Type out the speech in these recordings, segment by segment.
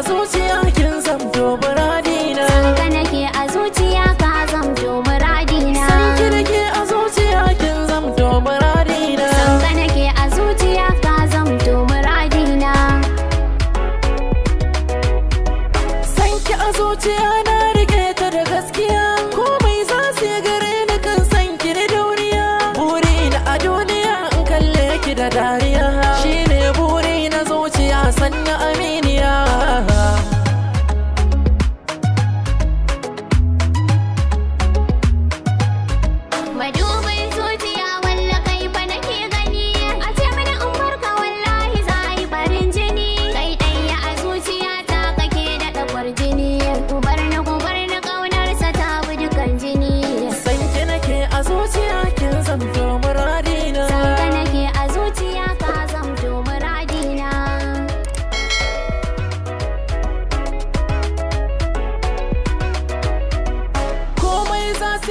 a zuciya kin zamto muradina sanka nake a zuciya ka zamto sanki nake a zuciya kin zamto sanka nake a zuciya ka zamto sanki a zuciya na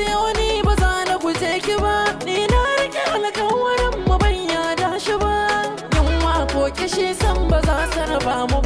sai wani ba za na guje ki ba ni na rike alƙawarin mu ban yada shi ba yunwa ko kishi san ba za su raba mu